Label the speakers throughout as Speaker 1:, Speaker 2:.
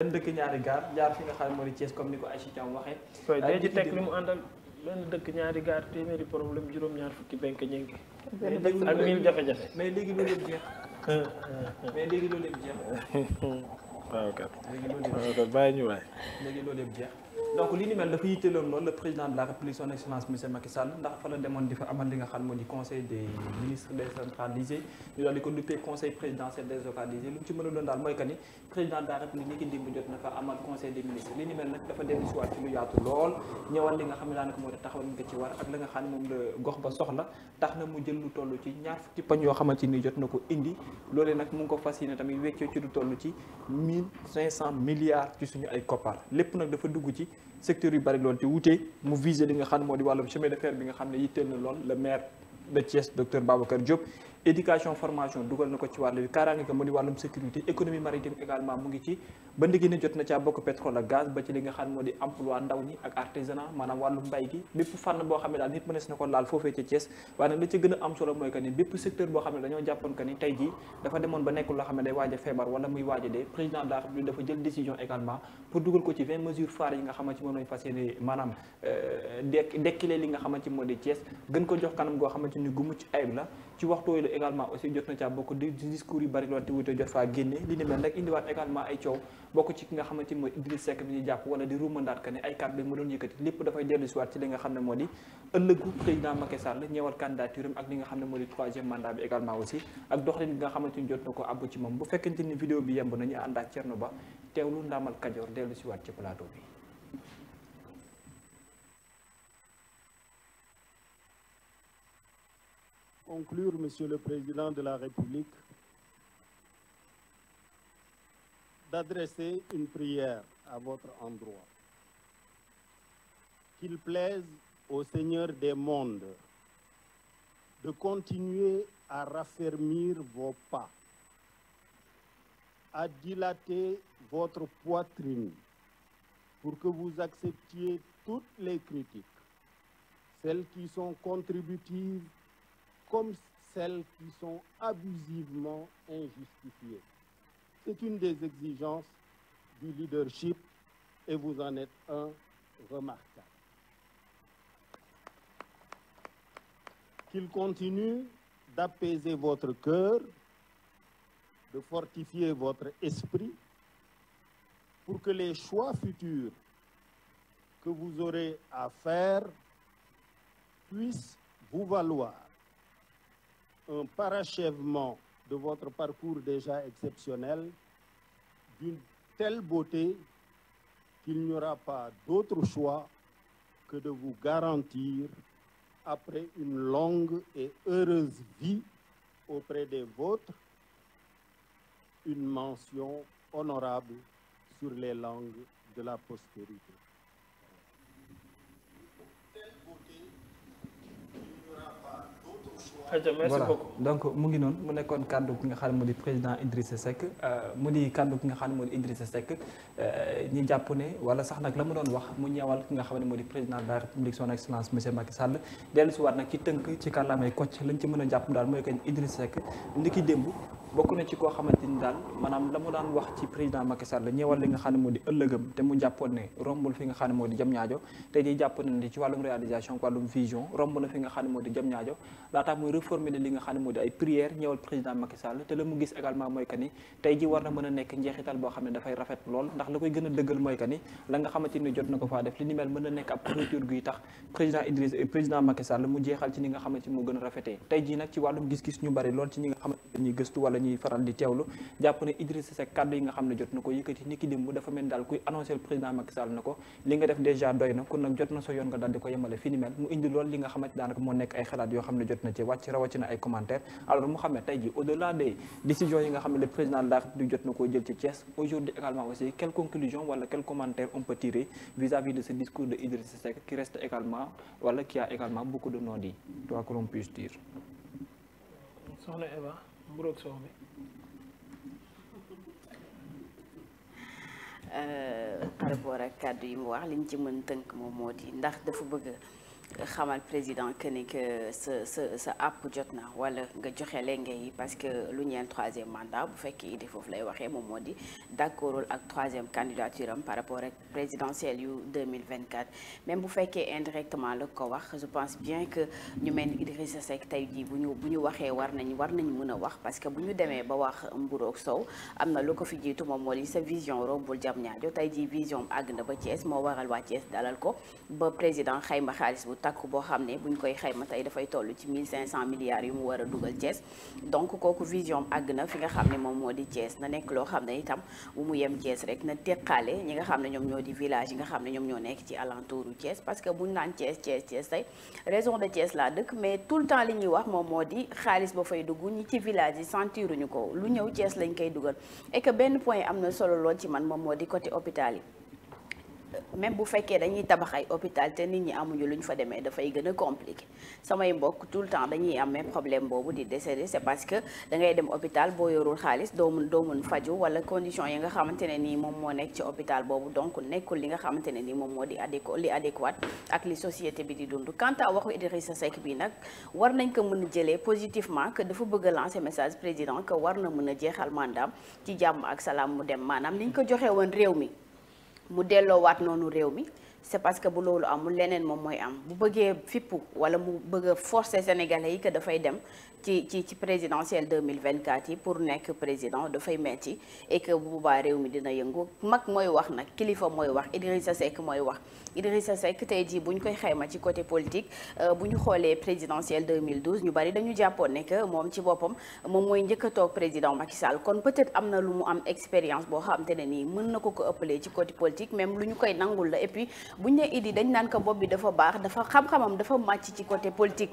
Speaker 1: benn dëkk ñaari gaar jaar fi nga xam ne moo di comme ni ko Aïcha Thiam waxee. waaye day ci teg li mu àndal benn dëkk ñaari gaar téeméeri problème juróom-ñaar fukki benk ñenk ak mille jafe-jafe. mais léegi loolu yëpp jeex. mais léegi loolu yëpp jeex. waaw kat waaw kat bàyyi ñu waay. léegi loolu yëpp jeex. donc lii ni mel dafa yitteeloon loolu le président de la république son excellence monsieur Macky Sall ndax fa la demoon di fa amal li nga xam moo di conseil des ministres décentralisé ñu daal di ko duppee conseil présidentiel décentralisé lu mu ci mën a doon daal mooy que ni président de la république ni ki dimb jot na fa amal conseil des ministres toll ci ñaar fukki yoo xamante ni jot na ko indi loolee nag mu ko fas yéene tamit weccoo ci lu toll ci 1500 milliards ci suñu ay koppar lépp nag dafa dugg ci secteurs yu bari loolu te wuute mu visé li nga xam moo di wàllum chemin de fer bi nga xam ne yitteel na lool le maire de Thiès docteur Babacar Diop éducation formation dugal na ko ci wàllu kaaraange nga mu di wàllum sécurité économie maritime également mu ngi ci ba ndigi ne jot na caa bokk pétrole ak gaz ba ci li nga xam moo di emploi ndaw ñi ak artisanat maanaam ci a am solo a feebar a dee président de la moom lañ fas yéene maanaam euh, dekk li nga xamante moo di Thiès gën ko jox kanam goo xamante ni gu mucc ayib la ci waxtu wooyu la également aussi jot na caa bokk di discours yu bari lool te wute jot faa génne li ni mel nag indiwaat également ay coow bokk ci ki nga xamante ni mooy Idriss Seck bi ñu jàpp wala di ruumandaat que ne ay kàddu mu doon yëkkati lépp ak li nga xam ne moo di troisième mandat bi également aussi ak doxalin nga xamante ni jot na ko àbbu ci moom bu fekkente ni vidéo bi yemb nañu àndaat Thierno Ba teewlu Ndamal Kajoor dellu siwaat ci plateau bi
Speaker 2: conclure, Monsieur le Président de la République, d'adresser une prière à votre endroit. Qu'il plaise au Seigneur des mondes de continuer à raffermir vos pas, à dilater votre poitrine pour que vous acceptiez toutes les critiques, celles qui sont contributives comme celles qui sont abusivement injustifiées. C'est une des exigences du leadership et vous en êtes un remarquable. Qu'il continue d'apaiser votre cœur, de fortifier votre esprit pour que les choix futurs que vous aurez à faire puissent vous valoir un parachèvement de votre parcours déjà exceptionnel d'une telle beauté qu'il n'y aura pas d'autre choix que de vous garantir, après une longue et heureuse vie auprès des vôtres, une mention honorable sur les langues de la postérité. voilà
Speaker 1: donc mu ngi noonu mu nekkoon kàddu ki nga xam ne moo di président Idrissa Seck euh, mu di kàddu ki nga xam ne moo di Idrissa Seck euh, ñi jàpp ne wala sax nag la mu doon wax mu ñeewal ki nga xam ne moo di président de la république son excellence monsieur Macky Sall dellu si waat nag ci tënk ci kàllaamay Kocc lañ ci mën a jàpp daal mooy que Idrissa Seck ni ki démb bokk na ci koo xamante daal maanaam la mu daan wax ci président Macky la mu a nekk njeexital boo xam ne dafay nga xamante ni euh, jeexal ci ni nga xamante moo gën a rafetee tey jii nag ci wàllum gis-gis ñu bari lool ci ñi nga xamante ni gëstu wala ñuy faral di teewlu jàpp ne Idrissa kàddu yi nga xam ne jot na ko yëkkati ni ki démb dafa mel daal kuy annoncé président Macky Sall na ko li nga def déjà doy na kon nag jot na sa yoon nga daal di ko yemale fi mu indi lool li nga xamante daanaka moo nekk ay xalaat yoo xam ne jot na ci wàcc rawatina ay commentaires alors Mouhamed tey ji au delà des décisions yi nga xam ne le président de la jot na koo jël ci Thiès aujourd'hui également aussi
Speaker 3: par euh, rapport ak kàddu yi mu wax liñ ci mën tënk moom moo di ndax dafa bëgg xamal président que ni que sa sa sa àpp jot na wala nga joxe lenge yi parce que lu ñeel troisième mandat bu fekkee idi foofu lay waxee moom moo di d'accordul ak troisième candidature am par rapport ak présidentielle yu 2024 même bu fekkee indirectement la ko wax je pense bien que ñu mel ni Idrissa Seck tey jii bu ñu bu ñu waxee war nañ war nañ mën a wax parce que bu ñu demee ba wax mburook sow am na lu ko fi jiitu moom moo di sa vision rombul jam ñaajo tey jii vision àgg na ba Thiès moo waral waa dalal ko xayma xaalis takku boo xam ne bu buñ koy xayma tey dafay toll ci 1500 milliards yu mu war a dugal Thiès donc kooku vision àgg na fi nga xam ne moom moo di cees na nekk loo xam ne itam bu mu yem Thiès rek na teqaale ñi nga xam ne ñoom ñoo di village yi nga xam ne ñoom ñoo nekk ci alentouru Thiès parce que buñ naan Thiès Thiès Thiès tey raison de Thiès laa dëkk mais tout le temps li ñuy wax moom moo di xaalis ba fay dugg ñi ci village yi sentiruñu ko lu ñëw cees lañ koy dugal et benn point am na solo lool ci man moom moo di côté hôpital yi même bu fekkee dañuy tabax ay hôpital te nit ñi amuñu lu ñu fa demee dafay gën a compliqué samay mbokk tout le temps dañuy amee problème boobu di décédé c'est parce que dangay dem hôpital boo yorul xaalis doo mun doo wala condition yi nga xamante ne nii moom moo nekk ci hôpital boobu donc nekkul li nga xamante ne nii moom moo di adéqu li adéquate ak li société bi di dund quant waxu waxu sa Seck bi nag war nañ ko mën a jëlee positivement que dafa bëgg lancé message président que war na mën a jeexal mandaam ci jàmm ak salaam mu dem maanaam li ñu ko joxe woon réew mi mu delloowaat noonu réew mi c'est parce que bu loolu amul leneen moom mooy am bu bëggee fippu wala mu bëgg a forcer sénégalais yi que dafay dem ci ci ci présidentielle 2024 yi pour nekk président dafay metti et que bu boobaa réew mi dina yëngu mag mooy wax nag kilifa mooy wax Idrissa Seck mooy wax Idrissa Seck tey jii bu ñu koy xayma ci côté politique euh, bu ñu xoolee présidentielle 2012 ñu bari dañu jàppoo ne que moom ci boppam moom mooy njëkk toog président Macky Sall kon peut-être am na lu mu am expérience boo xamante ne nii mën na ko ko ëppalee ci côté politique même lu ñu koy nangul la et puis bu ñu nee Idi bopp bi dafa baax dafa xam dafa màcc ci côté politique.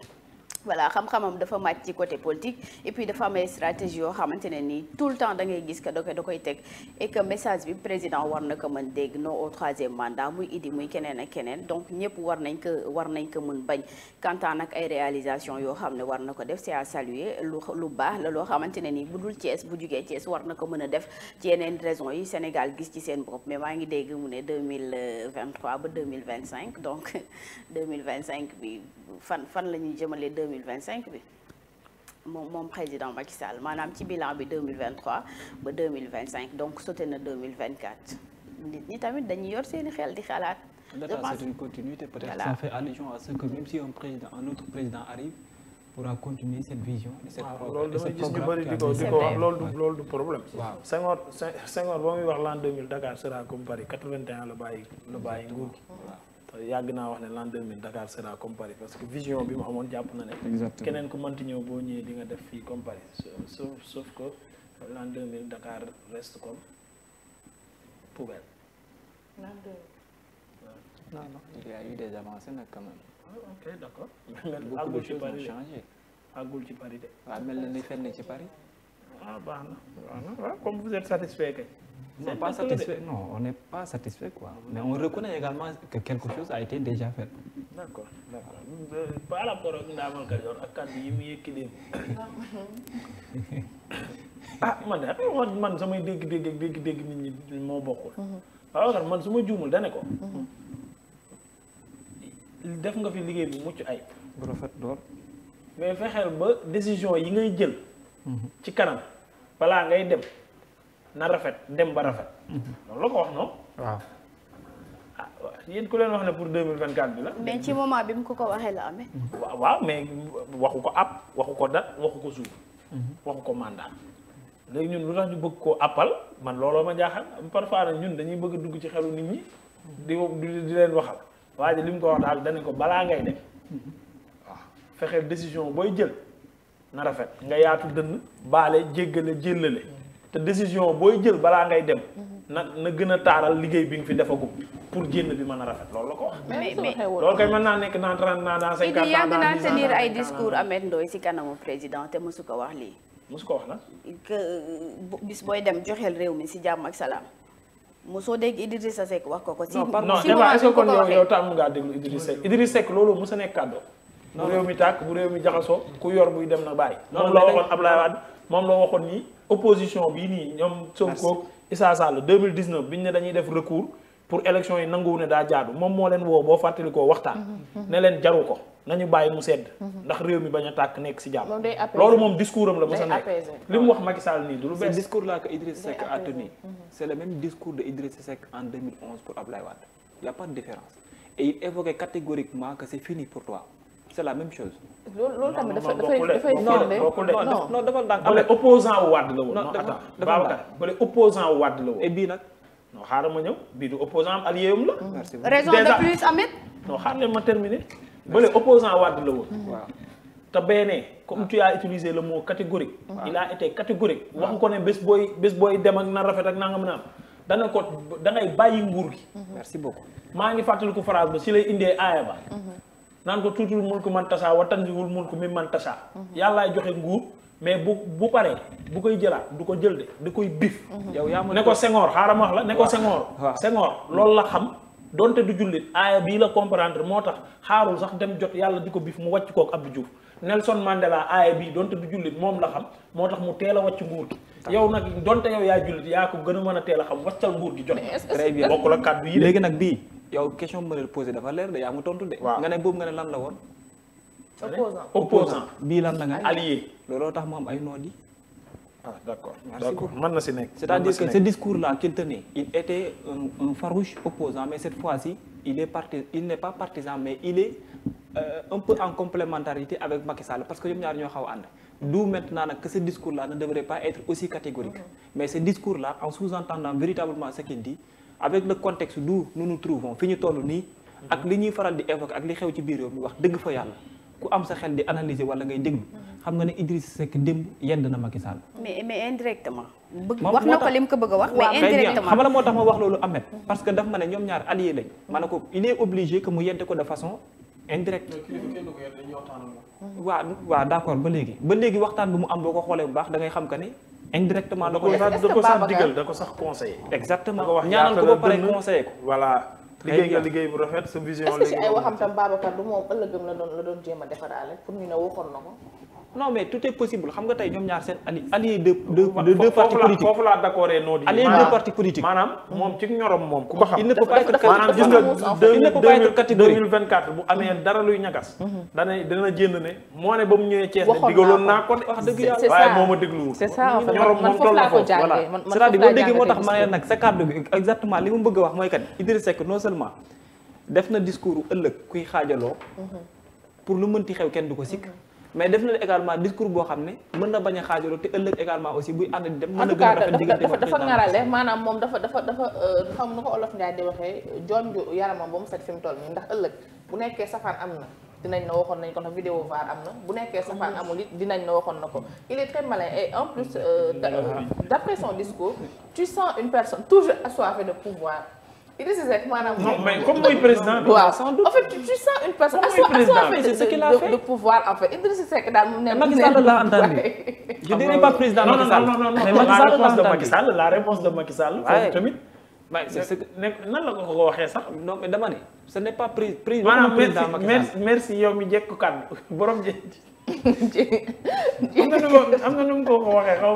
Speaker 3: voilà xam-xamam dafa màcc ci côté politique et puis dafa am ay stratégie yoo xamante ne nii tout le temps da ngay gis que da koy da koy teg et message bi président war na ko mën dégg no au troisième mandat muy idi muy keneen ak keneen donc ñëpp war nañ ko war nañ ko mën bañ kantaan nag ay réalisation yoo xam ne war na ko def c'est à saluer lu lu baax la loo xamante ne nii bu dul Thiès bu jugee Thiès war na ko mën a def ci yeneen raison yi Sénégal gis ci seen bopp mais maa ngi dégg mu ne 2023 ba 2025 donc 2025 bi fan fan la ñuy jëmale mille vingt cinq bi moom moom président Macky Sall maanaam ci bilan bi 2023 ba 2025 donc sauté na 2024 tamit dañuy yor seeni xel di xalaat. je pense c'est une continuité peut-être
Speaker 1: voilà. ça fait allusion à ce que même si un président un autre président arrive pourra continuer cette vision. et cette loolu damay gis ñu bëri loolu du problème. waaw Senghor ba muy wax l'an Dakar sera comme Paris la bàyyi la bàyyi nguur gi. yàgg naa wax ne l'an 2000 Dakar sera comme Paris parce que vision bi mu amoon jàpp na ne. exactement keneen ku mënti ñëw boo ñëwee di nga def fii comme Paris sauf sauf que l'an 2000 Dakar reste comme poubelle. l'an 2000. non non il y a eu des avancées nag quand même. ah ok d'accord. ci Paris de. waaw ah, mel na ni fenn ci Paris. ah baax na baax waaw comme vous êtes satisfait kay. Non, pas satisfait. Non, ne n'est pas satisfait, quoi. Mais on reconnaît également que quelque chose a euh, ak Ndamal yi mu yëkki ah man de man samay dégg-dégg ak dégg nit ñi moo bokkul. Mhm. waaw man su ma juumul da ne ko. Mhm. def nga fi liggéey bu mucc ay bu rafet door. mais ba décision yi ngay jël. Mhm. ci kanam balaa ngay dem. na rafet dem ba rafet. loolu ko wax noonu. waaw. ah yéen ku leen wax ne pour deux mille vingt bi la. mais ci
Speaker 3: moment bi mu ko ko waxee la amee.
Speaker 1: waaw mais waxu ko ab waxu ko date waxu ko jour. Mhm. waxu ko mandat. léegi ñun lu tax ñu bëgg koo appal man looloo ma jaaxal parfois nag ñun dañuy bëgg a dugg ci xelu nit ñi. di di leen waxal. waaye li mu ko wax daal danañ ko balaa ngay def. waaw fexeel décision booy jël. na rafet nga yaatu dënn baale jéggale jéllale. te décision booy jël balaa ngay dem. na na gën a taalal liggéey bi nga fi defagum pour génn bi mën a rafet loolu la ko wax. mais
Speaker 3: mais loolu kay
Speaker 1: mën naa nekk naa trente ans dans cinquante ans yàgg naa tenir ay discours Ameth
Speaker 3: Ndoye si kanamu président te ko wax lii. mosu ko wax na. que bis booy dem joxeel réew mi si jàmm ak salaam. mosoo dégg sa Seck wax ko ko. si non débat est-ce que kon yow yow
Speaker 1: ngaa déglu Idrissa Seck Idrissa Seck loolu mos a nekk kàddo. bu réew mi tàkk bu réew mi jaxasoo ku yor buy dem na bàyyi. noonu la waxoon Abdoulaye Wade moom la waxoon ni opposition bii nii ñoom Sonko Issa Sall 2019 biñ ne dañuy def recours pour élection yi nanguwu ne daa jaadu moom moo leen woo boo fàttalikoo waxtaan mm-hmm, mm-hmm. ne leen jaru ko nañu bàyyi mu sedd mm-hmm. ndax réew mi bañ a tàkk nekk si jàmm
Speaker 3: loolu moom discours am la mos a nekk
Speaker 1: li mu wax Macky Sall nii du lu bees discours là que Idriss Seck a tenu c'est le même discours de Idriss Seck en pour Ablaye Wade y pas de différence et il catégoriquement c'est la même chose.
Speaker 3: loolu loolu tamit dafay dafay non non dafa daan bële
Speaker 1: opposant wu Wade la woon. non dafa Babacar bële opposant wu Wade la woon. et bii nag non xaaral ma opposant am allié mm. la. woon. Mm. waaw te comme ah. tu as utilisé le mot catégorique. Ah. il a été ah. wax nga ko ne bés booy bés booy dem ak na rafet ak nangam naam. dana ko da bàyyi nguur gi. merci maa ngi fàttaliku phrase ba si lay indee aaya ba. Mm-hmm. naan ko tuutul mulku man tasaa wa tanziwul mulku mi man tasaa yàllaay joxe nguur mais bu bu paree bu koy jëlaat du ko jël de da koy bif yow yaa ma ne ko Senghor xaaral ma la ne ko Senghor Senghor loolu la xam donte du jullit aaya bii la comprendre moo tax xaarul sax dem jot yàlla di ko bif mu wàcc kook Abdou Diouf Nelson Mandela aaya bii donte du jullit moom la xam moo tax mu teel a wàcc nguur gi yow nag donte yow yaa jullit yaa ko gën a mën a teel a xam wàccal nguur gi jot bokkul yi léegi nag bii yow question bu ma leen posé dafa leer de yaa ngi tontu de. nga ne boobu nga ne lan la woon.
Speaker 3: opposant opposant bii lan la nga allié
Speaker 1: looloo tax mu am ay noon yi. ah d'accord d'accord mën na si nekk. c'est-à-dire que ce discours là qu'il il était un, farouche opposant mais cette fois-ci il est parti il n'est pas partisan mais il est euh, un en complémentarité avec Macky parce que ñoom ñaar ñoo xaw a ànd. d'où maintenant nag que ce discours là ne devrait pas être aussi catégorique mm-hmm. mais ce avec le contexte d'où nous nous trouvons fi ñu toll nii. ak li ñuy faral di évoquer ak li xew ci biir réew mi wax dëgg fa yàlla ku am sa xel di analyser wala ngay déglu xam nga ne Idriss Seck démb yedd na Macky Sall.
Speaker 3: mais mais indirectement. bëgg wax na ko lim ko bëgg a wax. mais indirectement xam nga
Speaker 1: moo tax ma wax loolu Ahmed. parce que daf ma ne ñoom ñaar allié lañ. ma ne ko il est obligé que mu yedd ko de façon indirecte. waaw waaw d'accord ba léegi ba léegi waxtaan bi mu am boo ko xoolee bu baax da ngay xam que ni. indirectement da ko da ko sax digal da ko sax conseillé. exactement ñaanal ko pare conseillé ko. voilà liggéey nga liggéey bu rafet sa vision. est-ce que ci ay waxam
Speaker 3: tam Babacar du moom ëllëgëm la doon la jéem a defaraale pour ñu ne waxoon na ko.
Speaker 1: non mais tout est xam nga tey ñoom ñaar seen allié allié de de deux partis politiques foofu maanaam moom ci ñorom moom ku ko xam ne dara luy ñagas mhm. dana dana jénd ne moo ne ba mu ñëwee Thiès ne naa ko wax dëgg yàlla moo ma dégluwul c'est
Speaker 3: ça boo déggee moo tax ma
Speaker 1: nag sa kàddu gi exactement li mu bëgg a wax mooy kat Idrissa Seck non seulement def na discours ëllëg kuy xaajaloo mhm. pour lu mënti xew kenn du ko sikk mhm. mais def na également discours boo xam ne mën na bañ a xaajaloo te ëllëg également aussi buy ànd di dem mën na gën a dafa ngarale
Speaker 3: maanaam moom dafa dafa dafa xam euh, nu ko olof Ndiaye di waxee jonju yaramam ba mu set fi mu toll nii ndax ëllëg bu nekkee safaan am na dinañ ne waxoon nañ ko ndax vidéo var am na bu nekkee safaan amul it dinañ na waxoon na ko il est très en plus euh, d'après son discours tu sens une personne toujours assoiffée de pouvoir Idrissa Seck maanaam. non mais comme mooy président bi. waaw en fait tu, tu sens une personne. comme mooy président bi c'est ce qu'il a fait de pouvoir en fait Idrissa Seck daal mu l'a entendu. je dirais pas président Macky
Speaker 1: Sall. non non la réponse de Macky Sall la réponse de Macky Sall. waaye tamit. c'est que nan la ko ko waxee sax. non mais dama ne. ce n'est pas pris pris. maanaam merci merci yow mi jekku kàddu borom jé. am na nu ko am na nu ko waxee xaw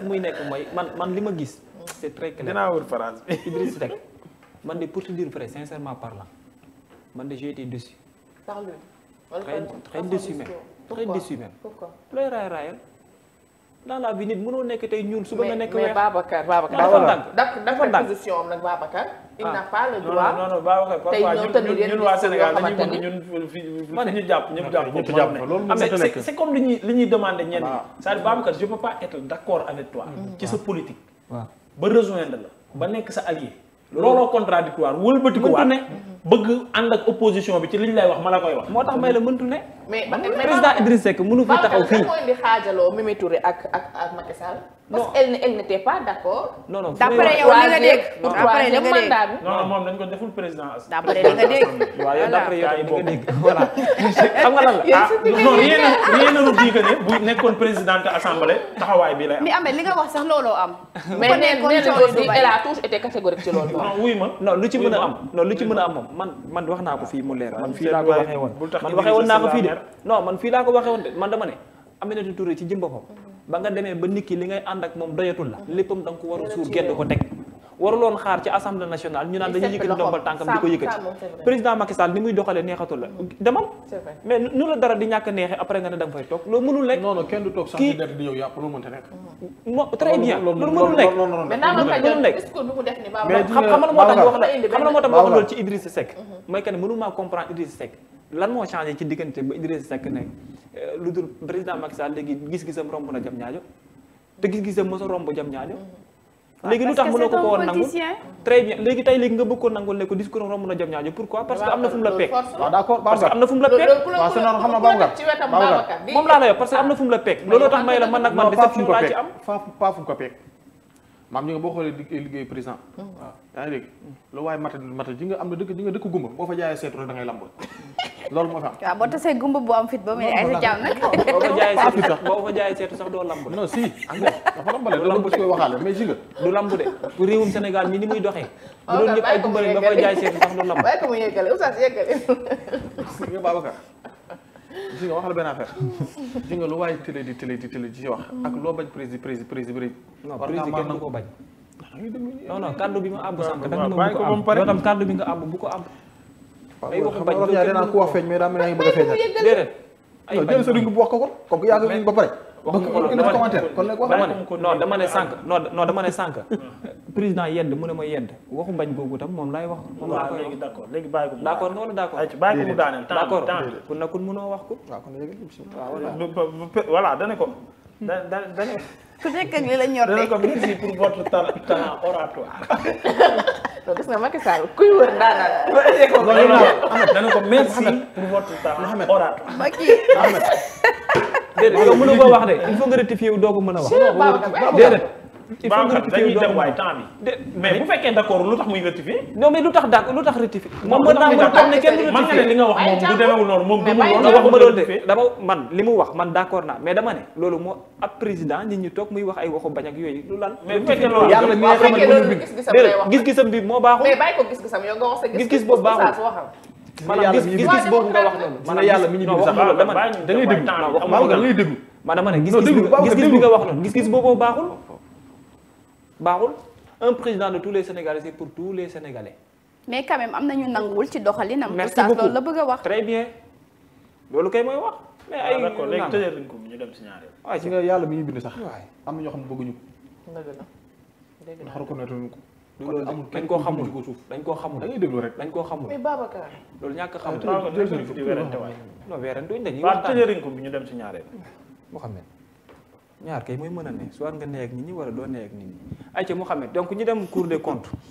Speaker 1: fu muy nekk mooy man man li ma gis. c'est très clair dinaa wër phrase man de pour te dire vrai sincèrement parlant man de j'ai été déçu. par lui très très déçu même. très déçu même. raayal. dans la vie nit mënoo nekk tey ñuul suba nga nekk. mais mais Babacar Babacar. dafa dafa position ah. ñu jàpp ñëpp jàpp. ñëpp jàpp loolu ah, comme li ñuy ñenn. waaw ah. c'est-à-dire pas être d'accord avec mm. ci sa politique. ba rejoindre la ba nekk sa allié looloo contradictoire wëlbati ko waat bëgg ànd ak opposition bi ci liñ lay wax ma la koy wax. moo tax may la mëntu
Speaker 3: ne. mais président Idriss Seck mënu fi taxaw fii. moo indi xaajaloo Mimi Touré ak ak ak Macky Sall. non parce qu'elle elle n'était pas d'accord.
Speaker 1: non non d'après yow li deful président. d'après li nga dégg. waaw xam nga lan la ah non rien rien ne nous taxawaay bi lay am. mais
Speaker 3: amee li nga wax sax looloo a toujours
Speaker 1: lu ci mën a am non lu ci mën a am moom man man wax naa ko fii mu leer man fii laa ko waxee woon man waxee woon naa ko fii de non man fii laa ko waxee woon de man dama ne Aminata Touré ci jëm boppam ba nga demee ba nit li ngay ànd ak moom doyatul la léppam da nga ko war a suur gedd ko teg waruloon xaar ci assemblée nationale ñu naan dañuy yëkkati ndombal tànkam di ko yëkkati président Macky Sall muy doxalee neexatul la demal mais nu la dara di ñàkk neexee après nga ne da fay toog loolu mënul nekk non non kenn mënul nekk mënul xam nga moo tax wax na moo tax wax loolu ci Idrissa Seck mhm. mooy que ne mënuma comprendre Idrissa Seck lan moo changé ci diggante ba Idrissa Seck ne euh, lu dul président Macky léegi gis-gisam romb na jam ñaajo te gis-gisam mosa
Speaker 3: léegi lu tax mënoo ko ko woon nangu
Speaker 1: très bien léegi tey léegi nga bëgg ko nangul ne ko discours romb na jam ñaajo pourquoi parce parce que am na fu la peeg moom laa la yor parce que am na fu la peeg looloo tax may la man nag man déception laa ci nga am na dëkk ji dëkk gumba boo fa jaayee seetu rek da ngay loolu moo fi am.
Speaker 3: waaw boo tasee gumba bu am fit ba muy ay sa jaam nag.
Speaker 1: boo ko jaayee seetu sax boo ko jaayee seetu sax doo lamb de. non si dafa lambale doo lamb si lamb Sénégal mi ni muy doxee. bu oh, ba koy jaay seetu sax doo lamb. bàyyi
Speaker 3: ko mu yeggale oustaz
Speaker 1: si lu waay télé di télé di télé wax. ak loo bañ prési prési prési prési. non prési kenn na koo bañ. non non kàddu bi ma àbb sànq. waaw bàyyi ko ba mu pare bi nga àbb bu ko àbb ay waxu bañ xam nga dinaa ko wax feeñ mais a feeñal déedéet sa ring bu wax ko kon comme que yaa ngi ko ko ma yedd waxu bañ googu tam moom laay wax moom laa koy wax ba léegi bàyyi ko d'accord nga wala ko mu daaneel d'accord ku nekkul mënoo ko waaw kon léegi ah, voilà dane ko hmm. dane
Speaker 3: ku nekk ak li la ñor donc gis nga Macky Sall kuy wër daanaka.
Speaker 1: loolu la Ahmed dana ko merci pour votre temps oral.
Speaker 3: Macky Ahmed.
Speaker 1: déedéet yow mënu ko wax de il faut nga rectifier wu doo mën a wax. déedéet. il faut nga rectifier dañuy dem waay temps bi. mais bu fekkee d' accord lu tax muy rectifier. non mais lu tax d' accord lu tax rectifier. moom mën naa mën a toog ne kenn du rectifier li nga wax moom du demewul noonu moom gëmul noonu wax ma loolu de dama man li mu wax man d' accord naa mais dama ne loolu moo ab président nit ñi toog muy wax ay waxu bañ ak yooyu lu lan. mais bu fekkee loolu yàlla mi nga xamante ne moom bi gis-gisam bi moo baaxul. mais
Speaker 3: bàyyi ko gis-gisam yow nga wax sa gis-gis boobu baaxul
Speaker 1: maanaam gis gis boobu nga wax noonu maanaam yàlla mi ñu bind sax dama ne da ngay déglu da ngay déglu maanaam ma ne gis gis bi nga wax noonu gis gis boobu baaxul baaxul un président de tous les Sénégalais c'est pour tous les Sénégalais.
Speaker 3: mais quand même am nañu nanguwul ci doxalinam. merci beaucoup loolu la bëgg
Speaker 1: a wax. très bien loolu kay mooy wax. mais ay ah, d'accord léegi tëjee ñu dem si ñaareel. waaye si yàlla mi ngi bind sax. waaye am na ñoo xam ne bëgguñu ko. dëgg la dëgg ko. loolu amul dañ koo xamul ko suuf dañ koo xamul. dañuy déglu rek dañ koo xamul. loolu ñàkk a xamul. non weerante waay. non weerante dañuy waxtaan waaw tëjee nañ ñaar kay mooy mën a ne soit nga nee ak nit ñi wala doo nee ak nit ñi ayca Mouhamed donc ñu dem Cour des comptes